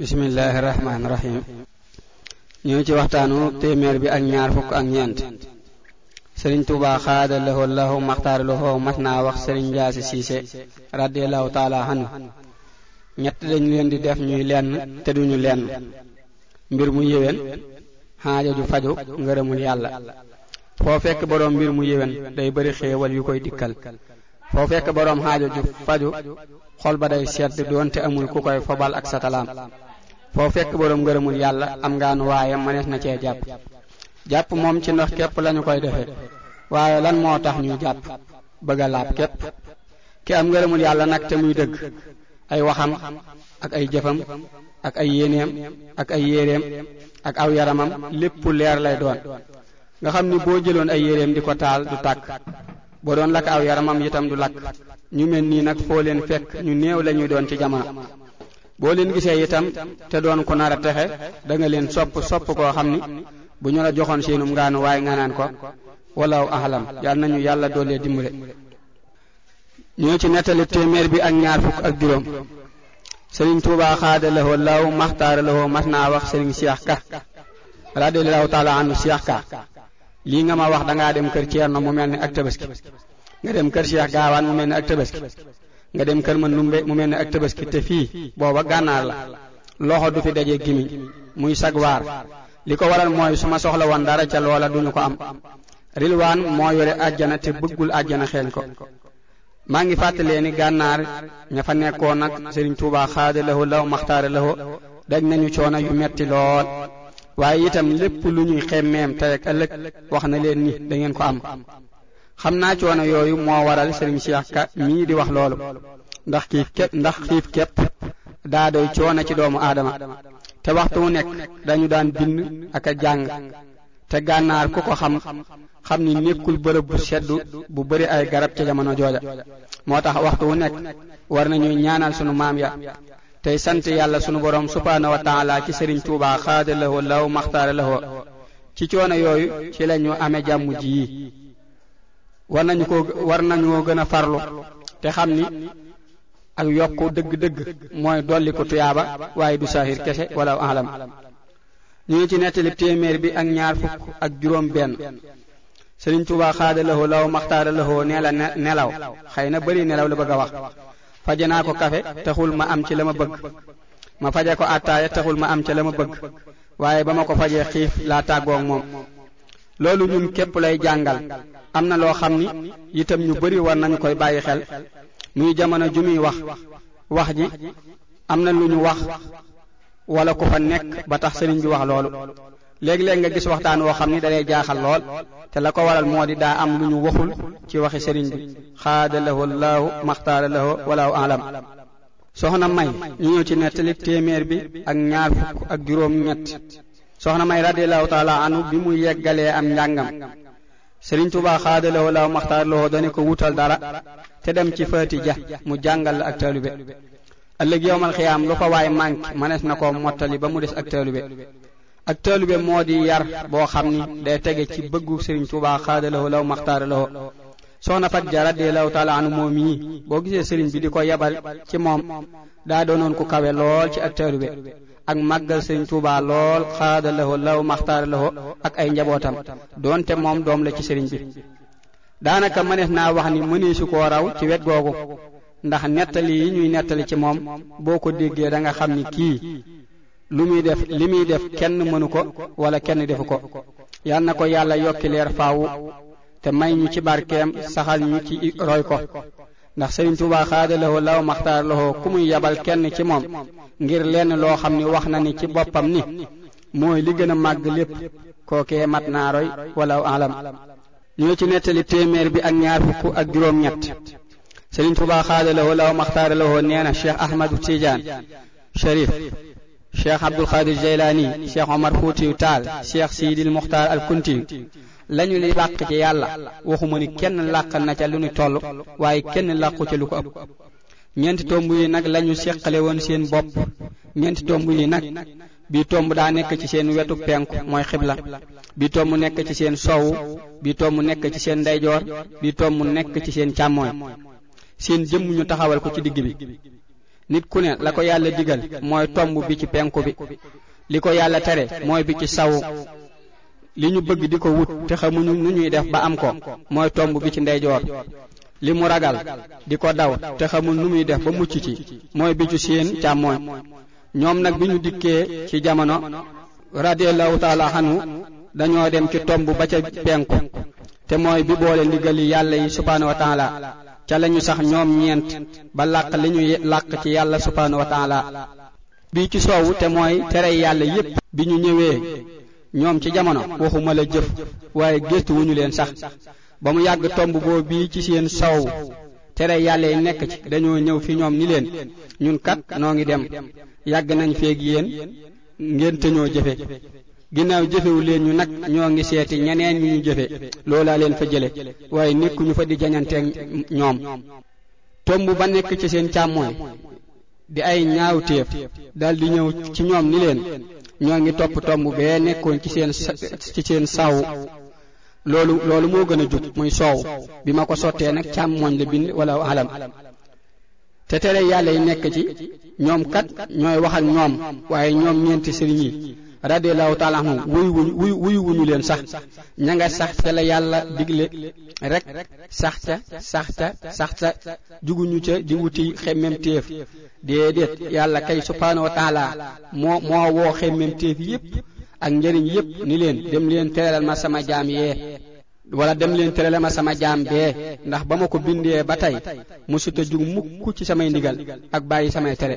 bismillaahi rahmaani rahiim ñëw ci waxtaanu téeméer bi ak ñaar fukk ak ñeent sëriñ Tuubaa xaada lahoo lahoo maxtaar lahoo naa wax sëriñ Njaasi Siise radiyallaahu taala anhu ñett dañu leen di def ñuy lenn te duñu lenn mbir mu yéwén xaaja ju faju ngërëmul yàlla foo fekk boroom mbir mu yéwén day koy dikkal foo fekk boroom xaaja ju faju xol ba day sedd doonte amul ku koy fobal ak satalaam foo fekk boroom ngërëmul yàlla am ngaanu waaye mënees na cee jàpp jàpp moom ci ndox képp lañu koy defee waaye lan moo tax ñuy jàpp bëgg a laab képp ki am ngërëmul yàlla nag te muy dëgg ay waxam ak ay jëfam ak ay yéeneem ak ay yéreem ak aw yaramam lépp leer lay doon nga xam ni boo jëloon ay yéreem di ko taal du tàkk boo doon lakk aw yaramam itam du lakk ñu mel nii nag foo leen fekk ñu néew lañuy doon ci jamono boo leen gisee itam te doon ko nar texe da nga leen sopp sopp koo xam ni bu ñu la joxoon seenum ngaanu waaye nga naan ko walaaw ahlam yal nañu yàlla doolee dimbale ñoo ci nettali téeméer bi ak ñaar fukk ak juróom sëriñ tuubaa xaada lahoo law maxtaara lahoo mas naa wax sëriñ seex ka radiallahu taala anhu seex ka lii nga ma wax dangaa dem kër ceerno mu mel ni ak tabaski nga dem kër seex gaawaan mu mel ni ak tabaski nga dem kër ma numbe mu mel ni ak tabaski te fii booba gànnaar la loxo du fi daje gimiñ muy sagwaar li ko waral mooy su soxla woon dara ca loola duñu ko am rilwaan moo yore àjjana te bëggul àjjana xeeñ ko maa ngi fàttalee ni gànnaar ña fa nekkoon nag sëriñ Tuubaa xaada laho law maxtaara laho daj nañu coono yu metti lool waaye itam lépp lu ñuy xemmeem tey ak ëllëg wax na leen ni da ngeen ko am xam naa coono yooyu moo waral sëriñ Cheikh Ka mii di wax loolu ndax xiif képp ndax xiif képp daa doy coono ci doomu aadama te waxtu wu nekk dañu daan bind ak a jàng te gànnaar ku ko xam xam ni nekkul bërëb bu sedd bu bëri ay garab ca jamono jooja moo tax waxtu wu nekk war nañuy ñaanal sunu maam ya tey sant yàlla sunu borom subhaanahu wa taala ci sëriñ Tuubaa xaada lahoo law maxtaara lahoo ci coono yooyu ci lañu amee jàmm ji yi war nañu ko war nañu gën a farlu te xam ni ak yokku dëgg-dëgg mooy dolli ko tuyaaba waaye du saahir kese wala alam ñu ngi ci nettali téeméer bi ak ñaar fukk ak juróom benn Sëriñ Tuubaa xaada lahoo law maxtaara lahoo nee la nelaw xëy na bëri nelaw la bëgg a wax faje naa ko kafe taxul ma am ci la ma bëgg ma faje ko attaaya taxul ma am ci la ma bëgg waaye ba ma ko fajee xiif laa tàggoog moom loolu ñun képp lay jàngal am na loo xam ni itam ñu bari war nañu koy bàyyi xel muy jamono ju muy wax wax ji am na lu ñu wax wala ku fa nekk ba tax sëriñ bi wax loolu léeg-léeg nga gis waxtaan woo xam ni dalay jaaxal lool te la ko waral moo di daa am lu ñu waxul ci waxi sëriñ bi xaadalahu laahu maxtaara lahu walaahu alam soxna may ñu ñëw ci nettali téeméer bi ak ñaar fukk ak juróom ñett soxna may radiallahu taala anu bi mu yeggalee am njàngam sëriñ Tuubaa xaada la wala maxtaar la dane ko wutal dara te dem ci ja mu jàngal la ak taalube ëllëg yowmal xiyaam lu ko waay manqué mënees na ko mottali ba mu des ak taalube ak taalube moo di yar boo xam ni day tege ci bëggu sëriñ Tuubaa xaada la wala maxtaar la soxna fat ja radiyallahu taala anu moom yi boo gisee sëriñ bi di ko yabal ci moom daa doonoon ku kawe lool ci ak taalube ak màggal sëñ Tuubaa lool xaada lawo law maxtaara lawo ak ay njabootam doonte moom doom la ci sëriñ bi daanaka mënees naa wax ni mëneesu ko raw ci wet googu ndax nettali yi ñuy nettali ci moom boo ko déggee danga xam ni kii lu muy def li muy def kenn mënu ko wala kenn defu ko yal na ko yàlla yokki leer faawu te may ñu ci barkeem saxal ñu ci roy ko ndax Sëriñ Tuubaa xaada lawo law maxtaar lawo ku muy yabal kenn ci moom ngir lenn loo xam ni wax na ni ci boppam ni mooy li gën a màgg lépp kookee mat naa roy walaw alam ñoo ci nettali téeméer bi ak ñaar fukk ak juróom-ñett Sëriñ Tuubaa xaada law maxtaar nee na Cheikh Ahmadu Tidiane Cherif Cheikh Abdul Xaadir Jaylaani Cheikh Omar Fuutiyu Taal Cheikh Siidil Muxtaar al Kuntiyu lañu li làq ci yàlla waxuma ni kenn làq na ca lu ñu toll waaye kenn làqu ca lu ko ëpp ñeenti tomb yi nag lañu seqale woon seen bopp ñeenti tomb yi nag bi tomb daa nekk ci seen wetu penku mooy xibla bi tomb nekk ci seen soowu bi tomb nekk ci seen ndeyjoor bi tomb nekk ci seen càmmooñ seen jëmm ñu taxawal ko ci digg bi nit ku ne la ko yàlla digal mooy tomb bi ci penku bi li ko yàlla tere mooy bi ci sawu li ñu bëgg di ko wut te xamuñu nu ñuy def ba am ko mooy tomb bi ci ndeyjoor li mu ragal di ko daw te xamul nu muy def ba mucc ci mooy bi ci seen càmmooñ ñoom nag bi ñu dikkee ci jamono radiyallahu taala anhu dañoo dem ci tomb ba ca penku te mooy bi boole ndigali yàlla yi subhaanahu wa taala ca lañu sax ñoom ñeent ba làq li ñuy làq ci yàlla subhaanahu wa taala bi ci soowu te mooy tere yàlla yépp bi ñu ñëwee ñoom ci jamono waxuma la jëf waaye gëstu leen sax ba mu yàgg tomb boo bii ci seen saw tere yàlla yi nekk ci dañoo ñëw fi ñoom ni leen ñun kat noo ngi dem yàgg nañ feeg yéen ngeen tëñoo jëfe ginnaaw jëfewu leen ñu nag ñoo ngi seeti ñeneen ñu ñu jëfe loolaa leen fa jële waaye nekkuñu fa di jañanteeg ñoom tomb ba nekk ci seen càmmooñ di ay ñaawteef daldi ñëw ci ñoom ni leen ñoo ngi topp tomb bee nekkoon ci seen ci seen saw loolu loolu moo gën a jub muy soow bi ma ko sottee nag càmmooñ la bind wala alam te tere yàlla yi nekk ci ñoom kat ñooy wax ak ñoom waaye ñoom ñeenti sëriñ yi radiallahu taala anhu wuyu wuñu wuyu wuyu wuñu leen sax ña nga sax ca la yàlla digle rek sax ca sax ca sax ca juguñu ca di wuti xemmem téef déedéet yàlla kay subhaanahu wa moo moo woo xemmem téef yépp ak njëriñ yépp ni leen dem leen teralal ma sama jaam yee wala dem leen la ma sama jaam bee ndax ba ma ko bindee ba tey musuta jug mukk ci samay ndigal ak bàyyi samay tere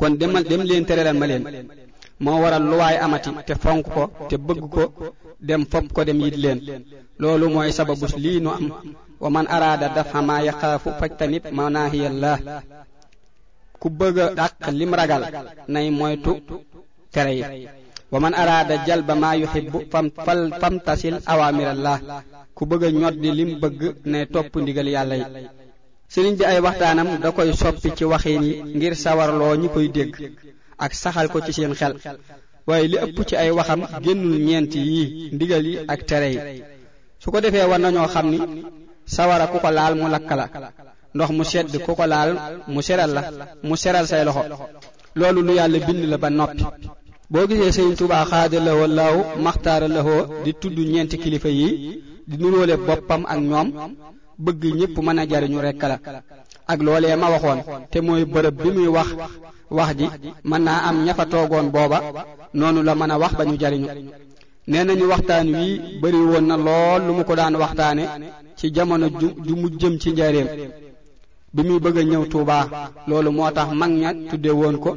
kon demal dem leen ma leen moo waral lu amati te fonk ko te bëgg ko dem fopp ko dem yit leen loolu mooy sababus lii nu am wa man araada dafa ma yaxaafu fajtanib manahiyallah ku bëgg a dàq lim ragal nay moytu tere yi wa man araada jalba ma yuhibbu fam fal famtasil awamirallah ku bëgg a ñoddi lim bëgg nay topp ndigal yàlla yi sëriñ bi ay waxtaanam da koy soppi ci waxin yi ngir sawarloo ñi koy dégg ak saxal ko ci seen xel waaye li ëpp ci ay waxam génnul ñeent yii ndigal yi ak tere yi su ko defee war nañoo xam ni sawara ku ko laal mu lakk la ndox mu sedd ku ko laal mu seral la mu seral say loxo loolu lu yàlla bind la ba noppi boo gisee sëriñ Tuubaa xaada la wallaahu maxtaara la woo di tudd ñeenti kilifa yi di nuróole boppam ak ñoom bëgg ñépp mën a jariñu rekk la ak loolee ma waxoon te mooy bërëb bi muy wax wax ji mën naa am ña fa toogoon booba noonu la mën a wax ba ñu jariñu nee nañu waxtaan wii bëri woon na lool lu mu ko daan waxtaane ci jamono ju ju mu jëm ci njareem bi muy bëgg a ñëw Tuubaa loolu moo tax mag ña tudde woon ko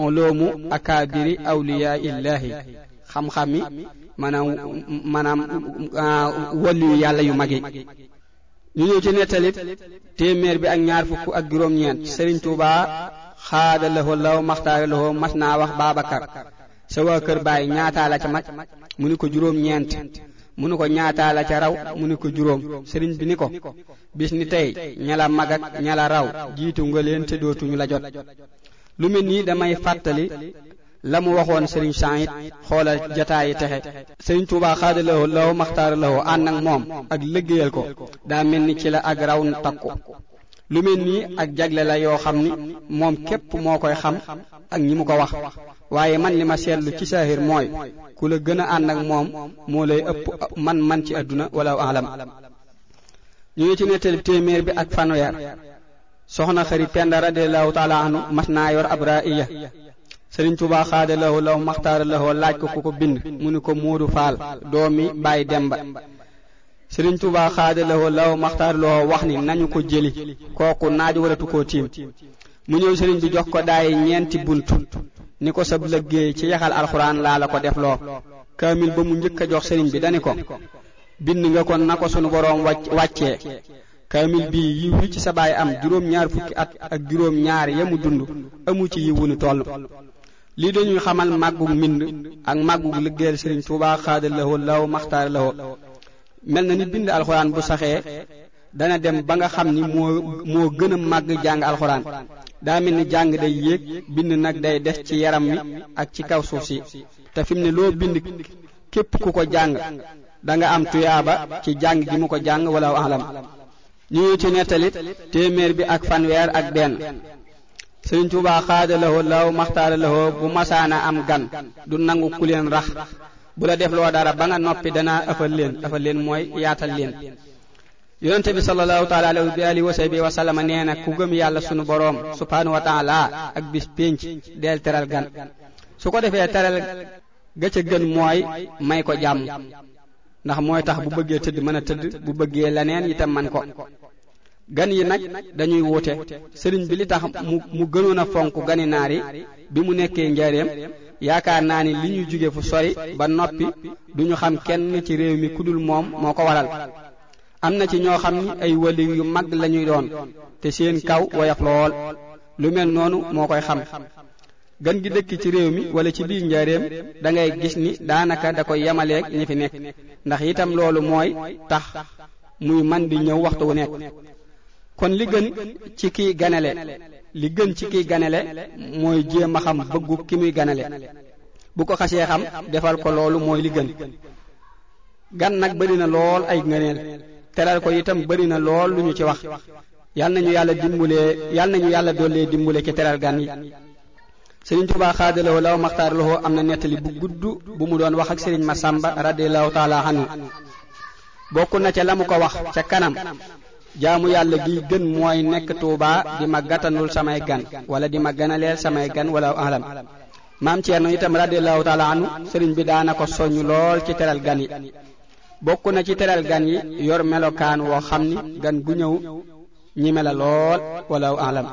on loomu akaabiri awliyaa illaahi xam-xami maanaam maanaam ah, wàllu yàlla yu mag yi ñu ñëw ci nettalit téeméer bi ak ñaar fukk ak juróom-ñeent Serigne Touba xaada laxoo law maxtaare laxoo mas naa wax Babacar sa waa kër baay ñaataa la ca mat mu ni ko juróom-ñeent mu ni ko ñaataa ca raw mu ni ko juróom Serigne bi ni ko bis ni tey ña la mag ak ña la raw jiitu nga leen te dootuñu la jot lu mel nii damay fàttali la mu waxoon sëriñ Sang it xoolal jataayi texe sëriñ Tuubaa xaada lawo lawo maxtaara ànd ak moom ak liggéeyal ko daa mel ni ci la ak raw takku lu mel nii ak jagle la yoo xam ni moom képp moo koy xam ak ñi mu ko wax waaye man li ma seetlu ci saahir mooy ku la gën a ànd ak moom moo lay ëpp man man ci àdduna wala alam ñu ngi ci nettali téeméer bi ak fanweer soxna xari penda radiallahu taala anhu mas naa yor ab raiya sëriñ Tuubaa xaada lawo law maxtaara laaj ko ku ko bind mu ne ko Moodu Faal doomi Baay Demba sëriñ Tuubaa xaada lawo law maxtaara wax ni nañu ko jëli kooku naaj waratu ko tiim mu ñëw sëriñ bi jox ko daay ñeenti bunt ni ko sab lëggéey ci yaxal alxuraan laa la ko def loo kaamil ba mu njëkk a jox sëriñ bi dani ko bind nga kon na ko sunu boroom wàcc wàccee kaamil bii yiw wi ci sa baay am juróom-ñaar fukki at ak juróom-ñaar yamu dund amu ci yiw wu lii dañuy xamal màggug mbind ak màggug liggéeyal sëriñ Tuubaa xaada lawo law maxtaar lawo mel na ni bind alxuraan bu saxee dana dem ba nga xam ni moo moo gën a màgg jàng alxuraan daa mel ni jàng day yéeg bind nag day des ci yaram wi ak ci kaw suuf si te fi mu ne loo bind képp ku ko jàng da nga am tuyaaba ci jàng gi mu ko jàng wala alam ñu ci nettalit téeméer bi ak fanweer ak benn sëriñ jubaa xaaja lahoo law maxtaara lahoo bu masaana am gan du nangu ku leen rax bu la def loo dara ba nga noppi dana ëffal leen ëffal leen mooy yaatal leen yonente bi sallallahu taala alayhi wa alihi nee na ku gëm yàlla sunu boroom subhaanahu wa taala ak bis pénc del teral gan su ko defee teral ga ca gën mooy may ko jàmm ndax mooy tax bu bëggee tëdd mën a tëdd bu bëggee leneen itam man ko gan yi nag dañuy wuute sëriñ bi li tax mu mu gënoon a fonk gani naar yi bi mu nekkee njareem yaakaar naa ni li ñuy jóge fu sori ba noppi duñu xam kenn ci réew mi ku kudul moom moo ko waral am na ci ñoo xam ni ay waliw yu mag lañuy doon te seen kaw woyof lool lu mel noonu moo koy xam gan gi dëkk ci réew mi wala ci biir njaareem da ngay gis ni daanaka da koy yemaleeg ñi fi nekk ndax itam loolu mooy tax muy man di ñëw waxtu wu nekk kon li gën ci kiy ganale li gën ci kiy ganale mooy jéem a xam bëggu ki muy ganale bu ko xasee xam defal ko loolu mooy li gën gan nag bari na lool ay ngëneel teral ko itam bari na lool lu ñu ci wax yal nañu yàlla dimbulee yal nañu yàlla dollee dimbule ci teral gan yi sëriñ Tuubaa xaadalawoo law maxtaar loxo am na nettali bu gudd bu mu doon wax ak sëriñ Masamba radiyallahu taala anhu bokk na ca la mu ko wax ca kanam jaamu yàlla gi gën mooy nekk Touba di ma gàttanul samay gan wala di ma ganaleel samay gan wala alam maam Thierno itam radiallahu taala anu sëriñ bi daana ko soññ lool ci teral gan yi bokk na ci teral gan yi yor melokaan woo xam ni gan gu ñëw ñime la lool wala alam